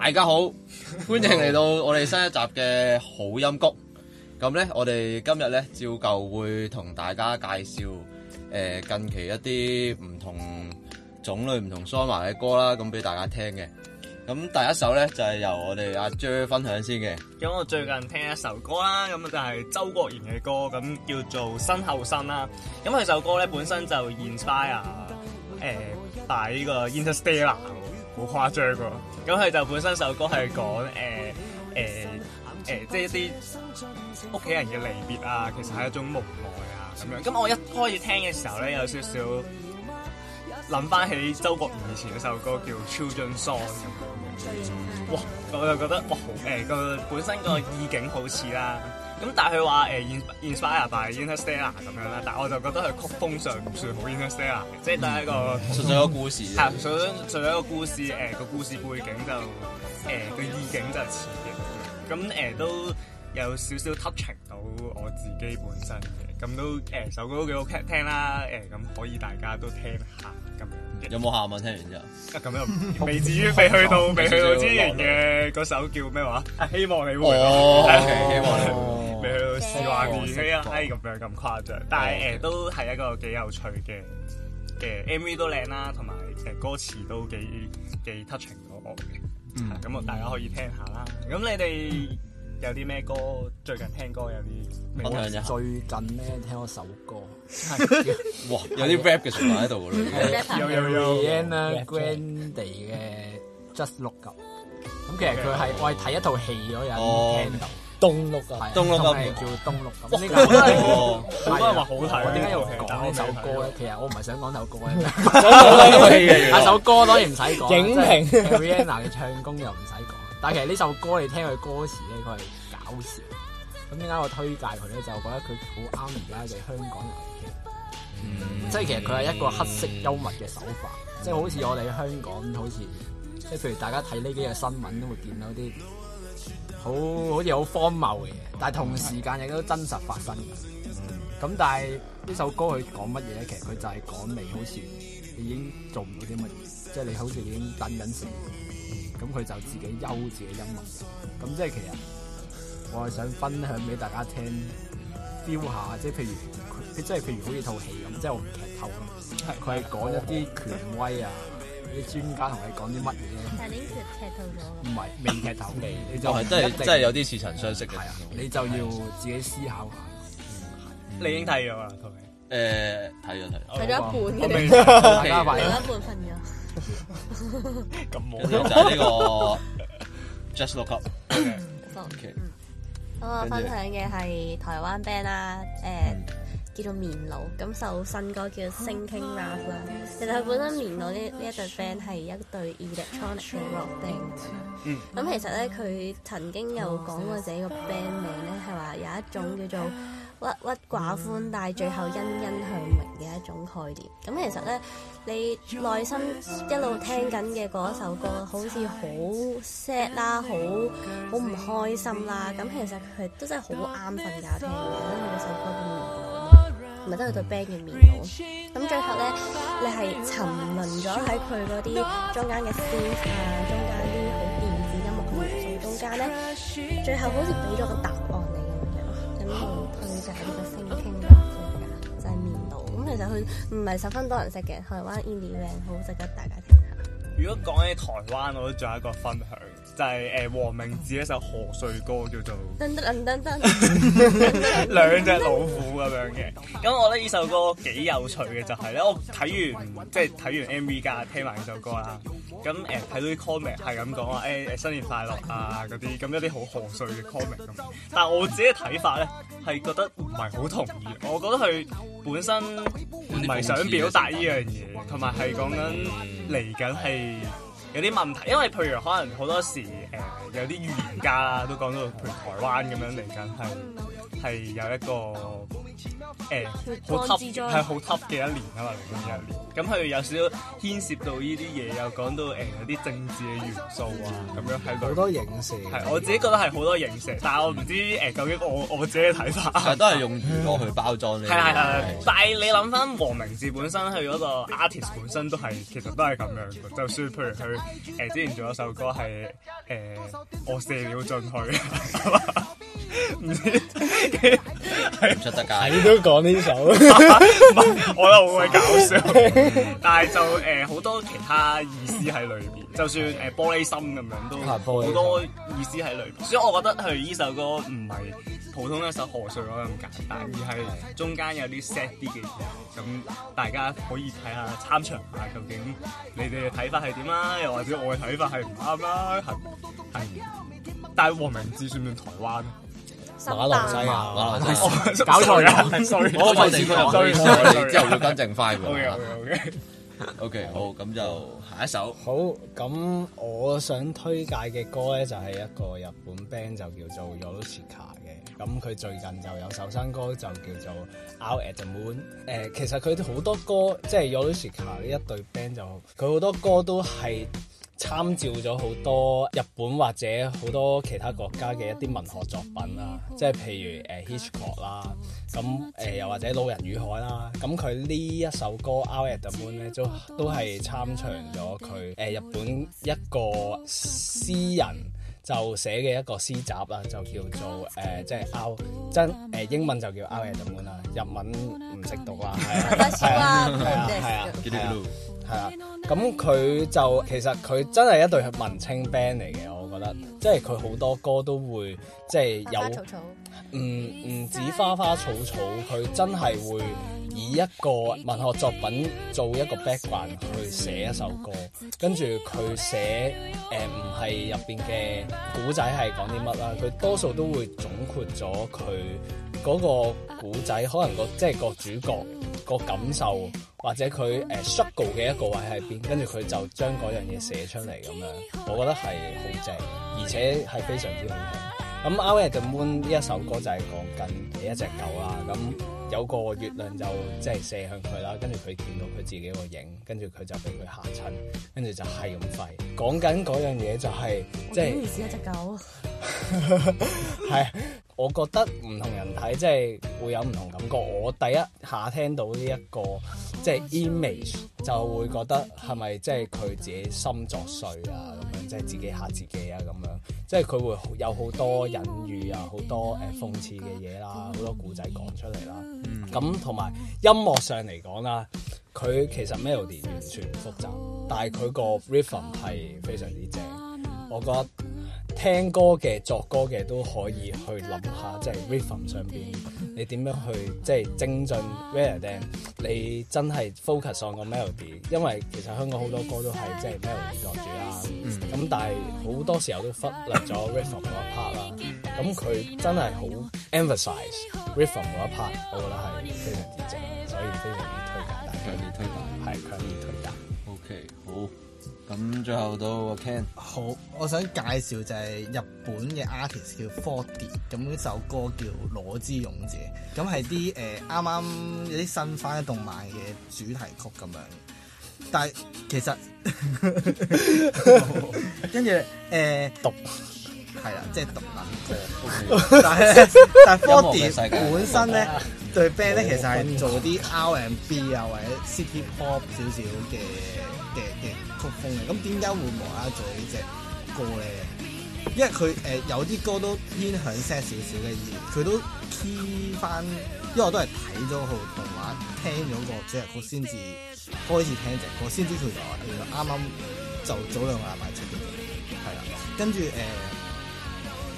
大家好，歡迎嚟到我哋新一集嘅好音谷。咁咧，我哋今日咧照舊會同大家介紹誒近期一啲唔同種類唔同桑麻嘅歌啦，咁俾大家聽嘅。咁第一首咧就係由我哋阿 J 分享先嘅。咁我最近聽一首歌啦，咁就係周國賢嘅歌，咁叫做新後生啦。咁佢首歌咧本身就 inspire 誒，大呢個 interstellar 好誇張噶。咁佢就本身首歌係講誒誒誒，即係一啲屋企人嘅離別啊，其實係一種無奈啊咁樣。咁我一開始聽嘅時候咧，有少少諗翻起周國賢以前嗰首歌叫《Children Song》。哇！我就覺得哇，誒、呃、個本身個意境好似啦～咁但係佢話誒、呃、inspire by Interstellar 咁樣啦，但係我就覺得佢曲風上唔算好 Interstellar 嘅，即係得一個。純粹、嗯、通一個故事。係，純粹一個故事，誒、呃、個故事背景就誒個、呃、意境就似嘅，咁誒、呃、都有少少 touching 到我自己本身嘅，咁都誒首、呃、歌都幾好聽啦，誒、呃、咁可以大家都聽下咁。有冇下文？聽完就咁、 啊、樣，未至於未去到，未 去到之前嘅嗰首叫咩話、啊？希望你會哦， 希望你會未 去到視幻耳機啊，咁、哎、樣咁誇張。但係誒，都係一個幾有趣嘅嘅 MV 都靚啦，同埋誒歌詞都幾幾 touching 咗我嘅。嗯，咁啊、嗯，大家可以聽下啦。咁你哋、嗯。有啲咩歌最近聽歌有啲？我最近咧聽咗首歌，哇，有啲 rap 嘅旋律喺度嘅咯，Ariana Grande 嘅 Just Look Up 咁。咁其實佢係我係睇一套戲嗰日聽到 Don't Look Up 啊，Don't Look Up 係叫 Don't Look Up 咁。呢個我真係話好睇，點解要講呢首歌咧？其實我唔係想講首歌咧，睇套戲嘅。啊，首歌當然唔使講，影評 Ariana 嘅唱功又唔使講。但係其實呢首歌你聽佢歌詞咧，佢係搞笑。咁點解我推介佢咧？就覺得佢好啱而家嘅香港人聽。嗯、即係其實佢係一個黑色幽默嘅手法，嗯、即係好似我哋香港好似，即係譬如大家睇呢幾日新聞都會見到啲好好似好荒謬嘅嘢，但係同時間亦都真實發生嘅。咁、嗯、但係呢首歌佢講乜嘢咧？其實佢就係講美好你好似已經做唔到啲乜嘢，即係你好似已經等緊死。咁佢就自己優自己音樂，咁即係其實我係想分享俾大家聽，標下即係譬如佢即係譬如好似套戲咁，即係我唔劇透，佢係講一啲權威啊，啲專家同你講啲乜嘢？但係你已經劇透咗。唔係未劇透嚟，你就真係真係有啲似曾相識嘅。係啊，你就要自己思考下。你已經睇咗啦 Tony，睇咗睇睇咗一半嘅，一半份嘅。咁我就係呢個 Just Look Up。咁我分享嘅係台灣 band 啦，呃，誒、嗯、叫做眠腦，咁首新歌叫《Sinking Love》啦。其實佢本身眠腦呢呢一對 band 係一對 Electronic 嘅 rock band，嗯。咁、嗯、其實咧，佢曾經有講過自己個 band 名咧，係話有一種叫做，鬱鬱寡歡，但係最後欣欣向榮嘅一種概念。咁其實咧，你內心一路聽緊嘅嗰首歌好，好似好 sad 啦，好好唔開心啦。咁其實佢都真係好啱瞓覺聽嘅，因為嗰首歌嘅面貌，唔係真係對 band 嘅面貌。咁最後咧，你係沉淪咗喺佢嗰啲中間嘅 synth 啊，中間啲好電子音樂嘅元素中間咧，最後好似俾咗個答案。就係呢個聲傾㗎，就係眠腦。咁其實佢唔係十分多人識嘅，台灣 indie band 好值得大家聽下。如果講起台灣，我都仲有一個分享。就係誒黃明志一首賀歲歌叫做 兩隻老虎咁樣嘅。咁我覺得呢首歌幾有趣嘅就係咧，我睇完即係睇完 MV 啦，聽埋呢首歌啦，咁誒睇到啲 comment 係咁講話誒、欸、誒新年快樂啊嗰啲，咁一啲好賀歲嘅 comment 咁，但係我自己嘅睇法咧係覺得唔係好同意，我覺得佢本身唔係想表達呢樣嘢，同埋係講緊嚟緊係。有啲問題，因為譬如可能好多時誒、呃、有啲預言家啦，都講到譬如台灣咁樣嚟緊係係有一個。誒，好、欸、t 係好 top 嘅一年啊嘛，零冠一年。咁佢有少少牽涉到呢啲嘢，又講到誒、欸、有啲政治嘅元素啊，咁樣係好多影射，係我自己覺得係好多影射。嗯、但係我唔知誒、欸、究竟我我自己嘅睇法。係、嗯嗯、都係用娛樂去包裝呢啲。係係 但係你諗翻黃明志本身，佢嗰個 artist 本身都係，其實都係咁樣。就算譬如佢誒、欸、之前仲有首歌係誒、欸、我射了進去。 係唔 出得界，你都講呢首， 我覺得好鬼搞笑。但係就誒，好、呃、多其他意思喺裏邊，就算誒、呃、玻璃心咁樣都好多意思喺裏邊。所以我覺得佢呢首歌唔係普通一首賀歲咁簡單，是而係中間有啲 set 啲嘅嘢。咁大家可以睇下參詳下，究竟你哋嘅睇法係點啦，又或者我嘅睇法係唔啱啦，係。但係黃明志算唔算台灣？馬來西亞，搞錯啦！我咪始終又衰，之後要跟正快嘅。OK，好咁就下一首。好咁，我想推介嘅歌咧，就係一個日本 band 就叫做 Yorushika 嘅。咁佢最近就有首新歌就叫做 Out at the Moon。誒、呃，其實佢好多歌，即係 Yorushika 呢一隊 band 就佢好多歌都係。參照咗好多日本或者好多其他國家嘅一啲文學作品啊，即係譬如誒 Hitchcock 啦，咁誒又或者老人與海啦，咁佢呢一首歌《Out at the Moon》咧，都都係參詳咗佢誒日本一個詩人就寫嘅一個詩集啦，就叫做誒即係 Out 真誒英文就叫 Out at the Moon 啦，日文唔識讀啦，係啊，係啊，係啊。咁佢、嗯、就其實佢真係一隊文青 band 嚟嘅，我覺得，即係佢好多歌都會即係有唔嗯，止花花草草佢、嗯、真係會以一個文學作品做一個 background 去寫一首歌，跟住佢寫誒唔係入邊嘅古仔係講啲乜啦，佢、呃、多數都會總括咗佢嗰個古仔，可能、個即係個主角，個感受或者佢誒、呃、struggle 嘅一個位喺邊，跟住佢就將嗰樣嘢寫出嚟咁樣，我覺得係好正，而且係非常之好聽。咁、嗯《Away and Moon》呢一首歌就係講緊你一隻狗啦，咁、嗯、有個月亮就即係射向佢啦，跟住佢見到佢自己個影，跟住佢就俾佢嚇親，跟住就係咁吠。講緊嗰樣嘢就係即係一隻狗。係 我覺得唔同人睇，即係會有唔同感覺。我第一下聽到呢、這、一個即係、就是、image，就會覺得係咪即係佢自己心作祟啊？咁樣即係自己吓自己啊？咁樣即係佢會有好多隱喻啊，好多誒諷刺嘅嘢啦，好多故仔講出嚟啦、啊。咁同埋音樂上嚟講啦，佢其實 melody 完全唔複雜，但係佢個 rhythm 係非常之正，我覺得。聽歌嘅作歌嘅都可以去諗下，即係 rhythm 上邊，你點樣去即係精進 variant？你真係 focus on 個 melody，因為其實香港好多歌都係即係 melody 作主啦。咁、mm. 但係好多時候都忽略咗 rhythm 嗰一 part 啦。咁佢 真係好 emphasize rhythm 嗰一 part，我覺得係非常之正，所以非常之推介。強烈推介，係強烈推介。OK，好。咁最後到 Ken 好，我想介紹就係日本嘅 artist 叫 Vaundy，r 咁呢首歌叫《裸之勇者》，咁係啲誒啱啱有啲新番嘅動漫嘅主題曲咁樣。但係其實跟住誒毒係啦，即係、就是、毒文。嘅。但係 但係 Vaundy r 本身咧、啊、對 band 咧，其實係做啲 R and B 啊，或者 City Pop 少少嘅。嘅嘅曲風嚟，咁點解會磨下呢隻歌咧？因為佢誒、呃、有啲歌都偏向 set 少少嘅，意佢都 key 翻，因為我都係睇咗套動畫，聽咗個主題曲先至開始聽隻歌，先知道原來啱啱就早兩個禮拜出嘅，係啦，跟住誒，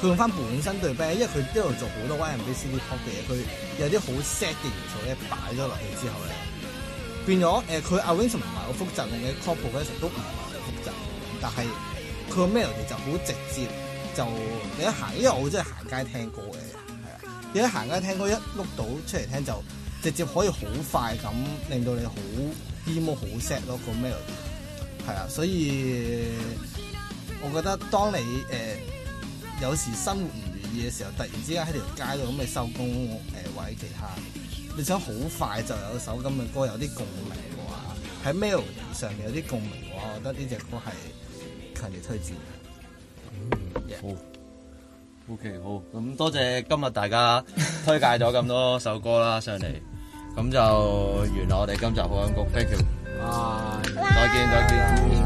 佢、呃、用翻本身對比，因為佢一路做好多 V N B C D pop 嘅嘢，佢有啲好 set 嘅元素咧擺咗落去之後咧。變咗誒，佢、呃、arrangement 唔係好複雜，令嘅 couple 嘅陣時都唔係好複雜，但係佢 melody 就好直接。就你一行，因為我真係行街聽歌嘅，係啊，你一行街聽歌一碌到出嚟聽就直接可以好快咁令到你好 emo 好 set 咯，個 melody 係啊，所以我覺得當你誒、呃、有時生活唔如意嘅時候，突然之間喺條街度咁，你收工或者其他。你想好快就有首咁嘅歌有啲共鳴嘅話，喺 Melody 上面有啲共鳴嘅話，我覺得呢隻歌係強烈推薦。好，OK，好，咁多謝今日大家推介咗咁多首歌啦上嚟，咁就完咗我哋今集好音谷，Thank you，啊，再見再見。